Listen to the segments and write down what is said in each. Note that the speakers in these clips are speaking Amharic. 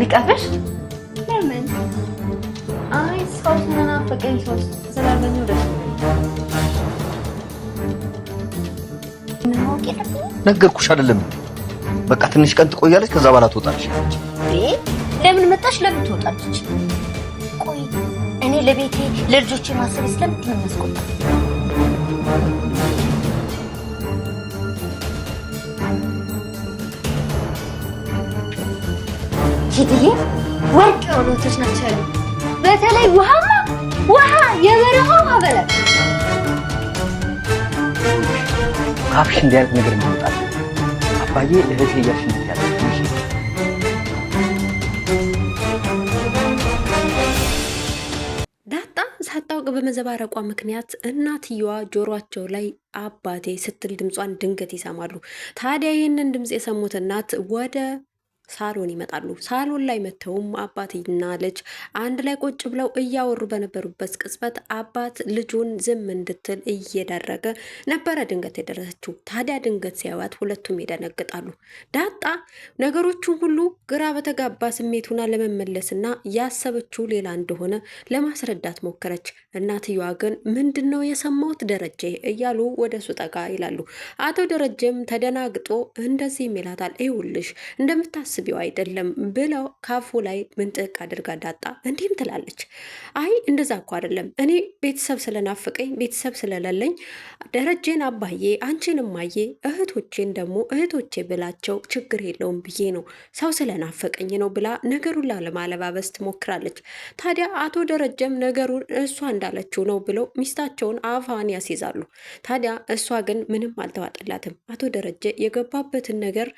ልቀፍሽ? ለምን? አይ ሰው ስለናፈቀኝ ሰው ስላገኘሁ ደስ ነገርኩሽ አይደለም በቃ ትንሽ ቀን ትቆያለች፣ ከዛ በኋላ ትወጣለች። ለምን መጣሽ? ለምን ትወጣለች? ቆይ እኔ ለቤቴ ለልጆቼ ማሰብ ስለምትመመስቆጣ ሴትዬ ወርቅ የሆኑ ናቸው ያሉ። በተለይ ውሃማ ውሃ የበረሃ ውሃ በላት አፍሽ እንዲህ ነገር ማምጣት አባዬ እህቴ እያሽነት ያለ ሳታውቅ በመዘባረቋ ምክንያት እናትየዋ ጆሯቸው ላይ አባቴ ስትል ድምጿን ድንገት ይሰማሉ። ታዲያ ይህንን ድምፅ የሰሙት እናት ወደ ሳሎን ይመጣሉ። ሳሎን ላይ መተውም አባትና ልጅ አንድ ላይ ቁጭ ብለው እያወሩ በነበሩበት ቅጽበት አባት ልጁን ዝም እንድትል እየዳረገ ነበረ ድንገት የደረሰችው። ታዲያ ድንገት ሲያዩት ሁለቱም ይደነግጣሉ። ዳጣ ነገሮቹን ሁሉ ግራ በተጋባ ስሜቱና ለመመለስና ያሰበችው ሌላ እንደሆነ ለማስረዳት ሞከረች። እናትየዋ ግን ምንድን ነው የሰማሁት ደረጀ እያሉ ወደ ሱ ጠጋ ይላሉ። አቶ ደረጀም ተደናግጦ እንደዚህ ይላታል። ይኸውልሽ እንደምታስ እንደምታስቢው አይደለም ብለው ካፉ ላይ ምንጥቅ አድርጋ ዳጣ እንዲህም ትላለች። አይ እንደዛ እኮ አይደለም እኔ ቤተሰብ ስለናፍቀኝ ቤተሰብ ስለሌለኝ ደረጀን አባዬ፣ አንቺን እማዬ፣ እህቶቼን ደግሞ እህቶቼ ብላቸው ችግር የለውም ብዬ ነው ሰው ስለናፈቀኝ ነው ብላ ነገሩን ላለማለባበስ ትሞክራለች። ታዲያ አቶ ደረጀም ነገሩን እሷ እንዳለችው ነው ብለው ሚስታቸውን አፋን ያስይዛሉ። ታዲያ እሷ ግን ምንም አልተዋጠላትም። አቶ ደረጀ የገባበትን ነገር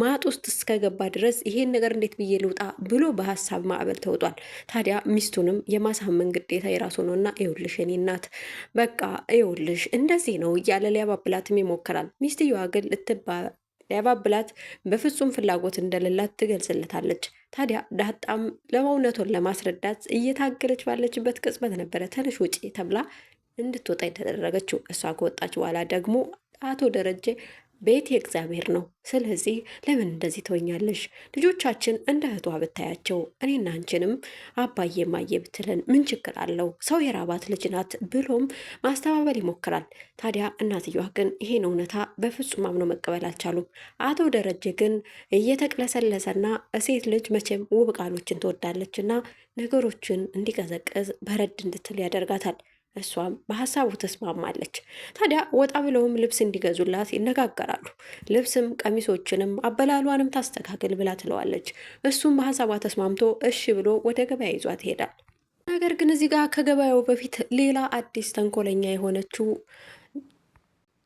ማጥ ውስጥ እስከገባ ድረስ ይሄን ነገር እንዴት ብዬ ልውጣ ብሎ በሀሳብ ማዕበል ተውጧል። ታዲያ ሚስቱንም የማሳመን ግዴታ የራሱ ነው እና ይኸውልሽ የኔ እናት በቃ ይኸውልሽ እንደዚህ ነው እያለ ሊያባብላትም ይሞክራል። ሚስትየዋ ግን ልትባ ሊያባብላት በፍጹም ፍላጎት እንደሌላት ትገልጽለታለች። ታዲያ ዳጣም ለእውነቱን ለማስረዳት እየታገለች ባለችበት ቅጽበት ነበረ ተነሽ ውጪ ተብላ እንድትወጣ የተደረገችው። እሷ ከወጣች በኋላ ደግሞ አቶ ደረጀ ቤት የእግዚአብሔር ነው። ስለዚህ ለምን እንደዚህ ትወኛለሽ? ልጆቻችን እንደ እህቷ ብታያቸው እኔና አንቺንም አባዬ ማየ ብትለን ምን ችግር አለው? ሰው የራባት ልጅ ናት ብሎም ማስተባበል ይሞክራል። ታዲያ እናትየዋ ግን ይሄን እውነታ በፍጹም አምኖ መቀበል አልቻሉም። አቶ ደረጀ ግን እየተቅለሰለሰና ሴት ልጅ መቼም ውብ ቃሎችን ትወዳለችና ነገሮችን እንዲቀዘቅዝ በረድ እንድትል ያደርጋታል። እሷም በሀሳቡ ተስማማለች። ታዲያ ወጣ ብለውም ልብስ እንዲገዙላት ይነጋገራሉ። ልብስም ቀሚሶችንም አበላሏንም ታስተካክል ብላ ትለዋለች። እሱም በሀሳቧ ተስማምቶ እሺ ብሎ ወደ ገበያ ይዟት ይሄዳል። ነገር ግን እዚህ ጋር ከገበያው በፊት ሌላ አዲስ ተንኮለኛ የሆነችው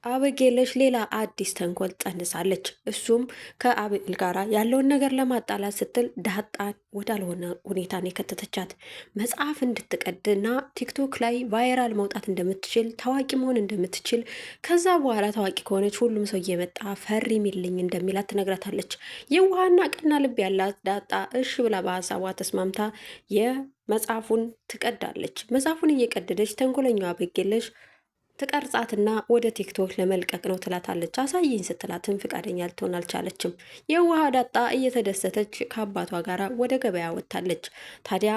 አበጌለች ሌላ አዲስ ተንኮል ጸንሳለች። እሱም ከአቤል ጋራ ያለውን ነገር ለማጣላት ስትል ዳጣን ወዳልሆነ ሁኔታን የከተተቻት መጽሐፍ እንድትቀድና ቲክቶክ ላይ ቫይራል መውጣት እንደምትችል ታዋቂ መሆን እንደምትችል ከዛ በኋላ ታዋቂ ከሆነች ሁሉም ሰው እየመጣ ፈሪ ሚልኝ እንደሚላት ትነግራታለች። የውሃና ቀና ልብ ያላት ዳጣ እሽ ብላ በሀሳቧ ተስማምታ የመጽሐፉን ትቀዳለች። መጽሐፉን እየቀደደች ተንኮለኛዋ አበጌለሽ ትቀርጻትና ወደ ቲክቶክ ለመልቀቅ ነው ትላታለች። አሳይኝ ስትላትም ፍቃደኛ ልትሆን አልቻለችም። የውሃ ዳጣ እየተደሰተች ከአባቷ ጋር ወደ ገበያ ወጥታለች። ታዲያ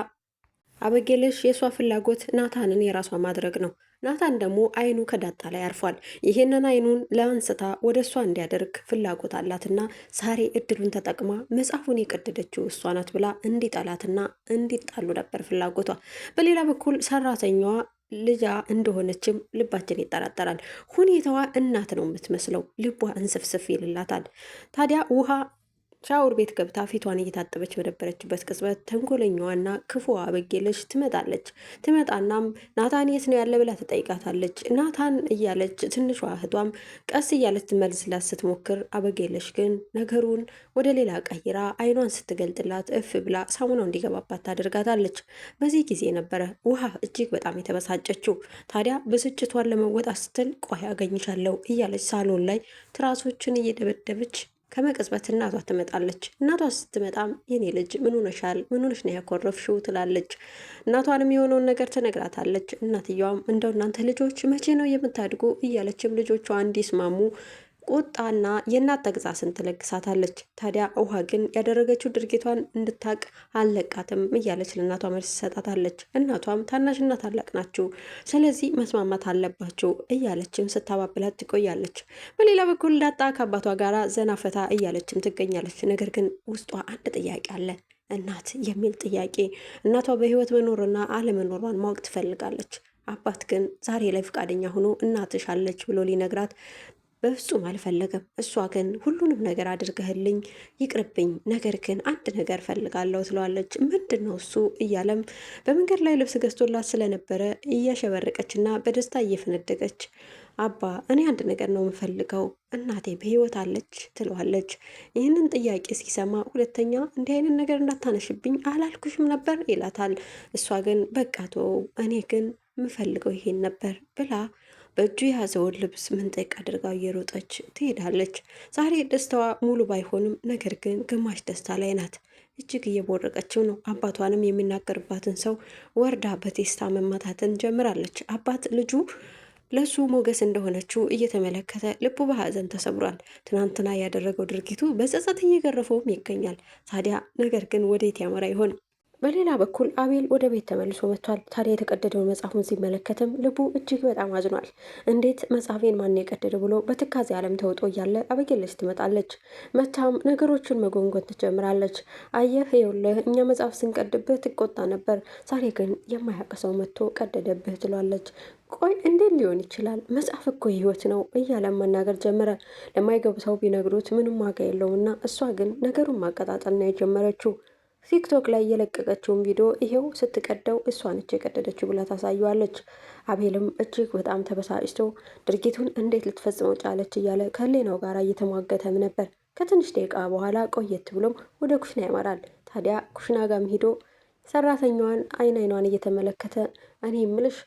አበጌለሽ የእሷ ፍላጎት ናታንን የራሷ ማድረግ ነው። ናታን ደግሞ አይኑ ከዳጣ ላይ አርፏል። ይሄንን አይኑን ለአንስታ ወደ እሷ እንዲያደርግ ፍላጎት አላትና ሳሬ እድሉን ተጠቅማ መጽሐፉን የቀደደችው እሷ ናት ብላ እንዲጠላትና እንዲጣሉ ነበር ፍላጎቷ። በሌላ በኩል ሰራተኛዋ ልጃ እንደሆነችም ልባችን ይጠራጠራል። ሁኔታዋ እናት ነው የምትመስለው፣ ልቧ እንስፍስፍ ይልላታል። ታዲያ ውሃ ሻወር ቤት ገብታ ፊቷን እየታጠበች በነበረችበት ቅጽበት ተንኮለኛዋና ክፉዋ አበጌለች ትመጣለች። ትመጣናም ናታን የት ነው ያለ ብላ ትጠይቃታለች። ናታን እያለች ትንሿ እህቷም ቀስ እያለች ትመልስላት ስትሞክር፣ አበጌለች ግን ነገሩን ወደ ሌላ ቀይራ አይኗን ስትገልጥላት እፍ ብላ ሳሙናው እንዲገባባት ታደርጋታለች። በዚህ ጊዜ ነበረ ውሃ እጅግ በጣም የተበሳጨችው። ታዲያ ብስጭቷን ለመወጣት ስትል ቆይ አገኝሻለሁ እያለች ሳሎን ላይ ትራሶችን እየደበደበች ከመቀዝበት እናቷ ትመጣለች። እናቷ ስትመጣም የኔ ልጅ ምን ሆነሻል? ምን ሆነሽ ነው ያኮረፍሽው? ትላለች። እናቷንም የሆነውን ነገር ትነግራታለች። እናትየዋም እንደው እናንተ ልጆች መቼ ነው የምታድጉ? እያለችም ልጆቿ እንዲስማሙ ቁጣና የእናት ተግሳጽን ትለግሳታለች። ታዲያ ውሃ ግን ያደረገችው ድርጊቷን እንድታቅ አልለቃትም እያለች ለእናቷ መልስ ትሰጣታለች። እናቷም ታናሽና ታላቅ ናችሁ፣ ስለዚህ መስማማት አለባችሁ እያለችም ስታባብላት ትቆያለች። በሌላ በኩል ዳጣ ከአባቷ ጋር ዘና ፈታ እያለችም ትገኛለች። ነገር ግን ውስጧ አንድ ጥያቄ አለ እናት የሚል ጥያቄ። እናቷ በህይወት መኖርና አለመኖሯን ማወቅ ትፈልጋለች። አባት ግን ዛሬ ላይ ፈቃደኛ ሆኖ እናትሽ አለች ብሎ ሊነግራት በፍጹም አልፈለገም። እሷ ግን ሁሉንም ነገር አድርገህልኝ ይቅርብኝ፣ ነገር ግን አንድ ነገር ፈልጋለሁ ትለዋለች። ምንድን ነው እሱ እያለም በመንገድ ላይ ልብስ ገዝቶላት ስለነበረ እያሸበረቀች እና በደስታ እየፈነደቀች አባ እኔ አንድ ነገር ነው የምፈልገው፣ እናቴ በህይወት አለች ትለዋለች። ይህንን ጥያቄ ሲሰማ ሁለተኛ እንዲህ አይነት ነገር እንዳታነሽብኝ አላልኩሽም ነበር ይላታል። እሷ ግን በቃ ተወው፣ እኔ ግን የምፈልገው ይሄን ነበር ብላ በእጁ የያዘውን ልብስ ምንጠቅ አድርጋ እየሮጠች ትሄዳለች። ዛሬ ደስታዋ ሙሉ ባይሆንም፣ ነገር ግን ግማሽ ደስታ ላይ ናት። እጅግ እየቦረቀችው ነው። አባቷንም የሚናገርባትን ሰው ወርዳ በቴስታ መማታትን ጀምራለች። አባት ልጁ ለሱ ሞገስ እንደሆነችው እየተመለከተ ልቡ በሐዘን ተሰብሯል። ትናንትና ያደረገው ድርጊቱ በጸጸት እየገረፈውም ይገኛል። ታዲያ ነገር ግን ወዴት ያመራ ይሆን? በሌላ በኩል አቤል ወደ ቤት ተመልሶ መጥቷል። ታዲያ የተቀደደውን መጽሐፉን ሲመለከትም ልቡ እጅግ በጣም አዝኗል። እንዴት መጽሐፌን ማን የቀደደ ብሎ በትካዜ ዓለም ተውጦ እያለ አበጌለች ትመጣለች። መታም ነገሮቹን መጎንጎን ትጀምራለች። አየህ ይኸውልህ፣ እኛ መጽሐፍ ስንቀድብህ ትቆጣ ነበር፣ ዛሬ ግን የማያውቅ ሰው መጥቶ ቀደደብህ ትሏለች። ቆይ እንዴት ሊሆን ይችላል? መጽሐፍ እኮ ህይወት ነው እያለ መናገር ጀመረ። ለማይገቡ ሰው ቢነግሩት ምንም ዋጋ የለውና እሷ ግን ነገሩን ማቀጣጠል ነው የጀመረችው። ቲክቶክ ላይ የለቀቀችውን ቪዲዮ ይሄው ስትቀደው እሷ ነች የቀደደችው ብላ ታሳየዋለች። አቤልም እጅግ በጣም ተበሳጭቶ ድርጊቱን እንዴት ልትፈጽመው ጫለች እያለ ከሌናው ጋር እየተሟገተም ነበር። ከትንሽ ደቂቃ በኋላ ቆየት ብሎም ወደ ኩሽና ያመራል። ታዲያ ኩሽና ጋም ሂዶ ሰራተኛዋን አይን አይኗን እየተመለከተ እኔ ምልሽ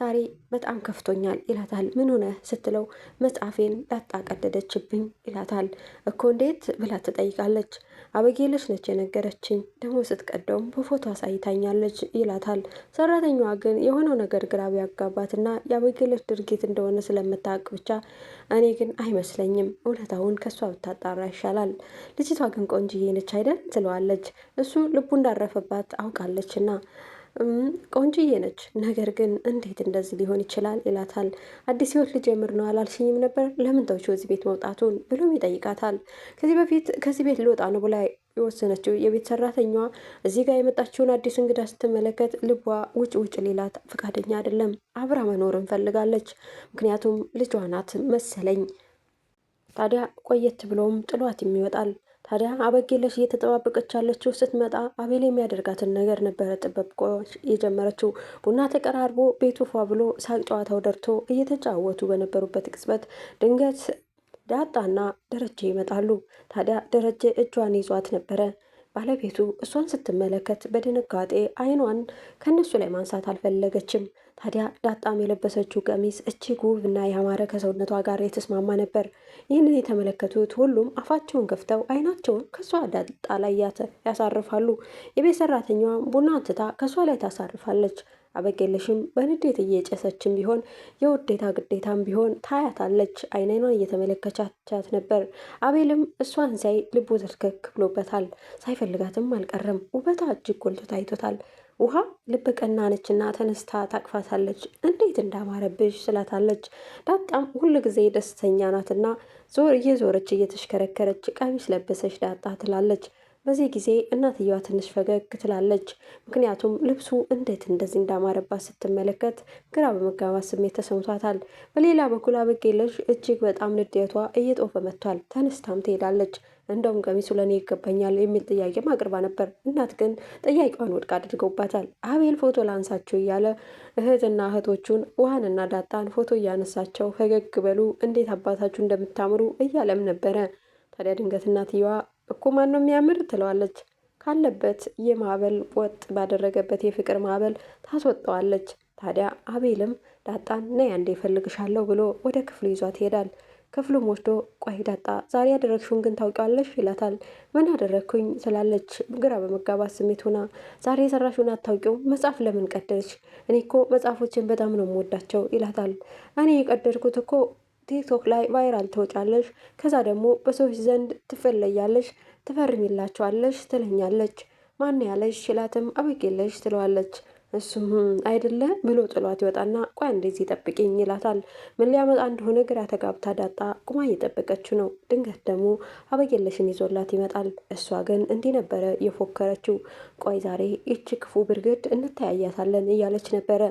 ዛሬ በጣም ከፍቶኛል ይላታል። ምን ሆነ ስትለው መጽሐፌን ላጣቀደደችብኝ ይላታል። እኮ እንዴት ብላ ትጠይቃለች። አበጌለች ነች የነገረችኝ፣ ደግሞ ስትቀደውም በፎቶ አሳይታኛለች ይላታል። ሰራተኛዋ ግን የሆነው ነገር ግራ ቢያጋባትና የአበጌለች ድርጊት እንደሆነ ስለምታውቅ ብቻ እኔ ግን አይመስለኝም፣ እውነታውን ከእሷ ብታጣራ ይሻላል። ልጅቷ ግን ቆንጅዬ ነች አይደል ትለዋለች። እሱ ልቡ እንዳረፈባት አውቃለችና ቆንጅዬ ነች። ነገር ግን እንዴት እንደዚህ ሊሆን ይችላል ይላታል። አዲስ ህይወት ልጀምር ነው አላልሽኝም ነበር? ለምን ተውሽ እዚህ ቤት መውጣቱን ብሎም ይጠይቃታል። ከዚህ በፊት ከዚህ ቤት ልወጣ ነው ብላ የወሰነችው የቤት ሰራተኛዋ እዚህ ጋር የመጣችውን አዲስ እንግዳ ስትመለከት ልቧ ውጭ ውጭ ሌላት ፈቃደኛ አይደለም። አብራ መኖር እንፈልጋለች። ምክንያቱም ልጇ ናት መሰለኝ። ታዲያ ቆየት ብሎም ጥሏት ይወጣል። ታዲያ አበጌለሽ እየተጠባበቀች ያለችው ስትመጣ አቤል የሚያደርጋትን ነገር ነበረ ጥበብቆች የጀመረችው። ቡና ተቀራርቦ ቤቱ ፏ ብሎ ሳቅ ጨዋታው ደርቶ እየተጫወቱ በነበሩበት ቅጽበት ድንገት ዳጣና ደረጀ ይመጣሉ። ታዲያ ደረጀ እጇን ይዟት ነበረ። ባለቤቱ እሷን ስትመለከት በድንጋጤ አይኗን ከእነሱ ላይ ማንሳት አልፈለገችም። ታዲያ ዳጣም የለበሰችው ቀሚስ እጅግ ውብና ያማረ ከሰውነቷ ጋር የተስማማ ነበር። ይህንን የተመለከቱት ሁሉም አፋቸውን ከፍተው አይናቸውን ከእሷ ዳጣ ላይ ያሳርፋሉ። የቤት ሰራተኛዋ ቡና አንስታ ከእሷ ላይ ታሳርፋለች። አበጌለሽም በንዴት እየጨሰችም ቢሆን የውዴታ ግዴታም ቢሆን ታያታለች። አይናኗን እየተመለከቻቻት ነበር። አቤልም እሷን ሳይ ልቡ ተልከክ ብሎበታል። ሳይፈልጋትም አልቀረም። ውበቷ እጅግ ጎልቶ ታይቶታል። ውሃ ልብ ቀና ነችና ተነስታ ታቅፋታለች። እንዴት እንዳማረብሽ ስላታለች። ዳጣም ሁሉ ጊዜ ደስተኛ ናትና ዞር እየዞረች እየተሽከረከረች ቀሚስ ለበሰች ዳጣ ትላለች። በዚህ ጊዜ እናትየዋ ትንሽ ፈገግ ትላለች። ምክንያቱም ልብሱ እንዴት እንደዚህ እንዳማረባት ስትመለከት ግራ በመጋባት ስሜት ተሰምቷታል። በሌላ በኩል አበጌለሽ እጅግ በጣም ንዴቷ እየጦፈ መጥቷል። ተነስታም ትሄዳለች። እንደውም ቀሚሱ ለእኔ ይገባኛል የሚል ጥያቄም አቅርባ ነበር። እናት ግን ጥያቄዋን ውድቅ አድርገውባታል። አቤል ፎቶ ላንሳችሁ እያለ እህትና እህቶቹን ውሃንና ዳጣን ፎቶ እያነሳቸው ፈገግ በሉ እንዴት አባታችሁ እንደምታምሩ እያለም ነበረ። ታዲያ ድንገት እናትየዋ እኮ ማን ነው የሚያምር ትለዋለች። ካለበት የማዕበል ወጥ ባደረገበት የፍቅር ማዕበል ታስወጣዋለች። ታዲያ አቤልም ዳጣን ነይ አንዴ እፈልግሻለሁ ብሎ ወደ ክፍሉ ይዟት ይሄዳል። ክፍሉም ወስዶ ቆይ ዳጣ ዛሬ ያደረግሽውን ግን ታውቂዋለሽ ይላታል። ምን አደረግኩኝ ስላለች ግራ በመጋባት ስሜት ሆና ዛሬ የሰራሽውን አታውቂው መጽሐፍ ለምን ቀደድሽ? እኔ እኮ መጽሐፎችን በጣም ነው የምወዳቸው ይላታል። እኔ የቀደድኩት እኮ ቲክቶክ ላይ ቫይራል ትወጫለሽ፣ ከዛ ደግሞ በሰዎች ዘንድ ትፈለያለሽ፣ ትፈርሚላቸዋለሽ ትለኛለች። ማን ያለሽ ሲላትም አበጌለሽ ትለዋለች። እሱም አይደለ ብሎ ጥሏት ይወጣና ቆይ እንደዚህ ይጠብቅኝ ይላታል። ምን ሊያመጣ እንደሆነ ግራ ተጋብታ ዳጣ ቁማ እየጠበቀችው ነው። ድንገት ደግሞ አበጌለሽን ይዞላት ይመጣል። እሷ ግን እንዲህ ነበረ የፎከረችው። ቆይ ዛሬ ይቺ ክፉ ብርግድ እንተያያታለን እያለች ነበረ።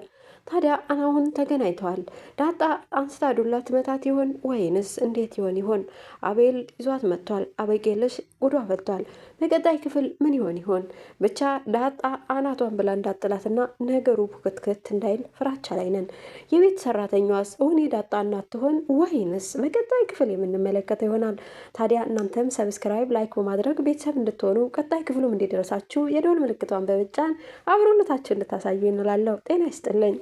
ታዲያ አሁን ተገናኝተዋል። ዳጣ አንስታ ዱላ ትመታት ይሆን ወይንስ እንዴት ይሆን ይሆን? አቤል ይዟት መጥቷል። አበቄለሽ ጉዷ ፈቷል። በቀጣይ ክፍል ምን ይሆን ይሆን? ብቻ ዳጣ አናቷን ብላ እንዳጥላትና ነገሩ ክትክት እንዳይል ፍራቻ ላይ ነን። የቤት ሰራተኛዋስ እሁን የዳጣ እናት ትሆን ወይንስ በቀጣይ ክፍል የምንመለከተው ይሆናል። ታዲያ እናንተም ሰብስክራይብ፣ ላይክ በማድረግ ቤተሰብ እንድትሆኑ ቀጣይ ክፍሉም እንዲደረሳችሁ የደወል ምልክቷን በመጫን አብሮነታችን እንድታሳዩ እንላለሁ። ጤና ይስጥልኝ።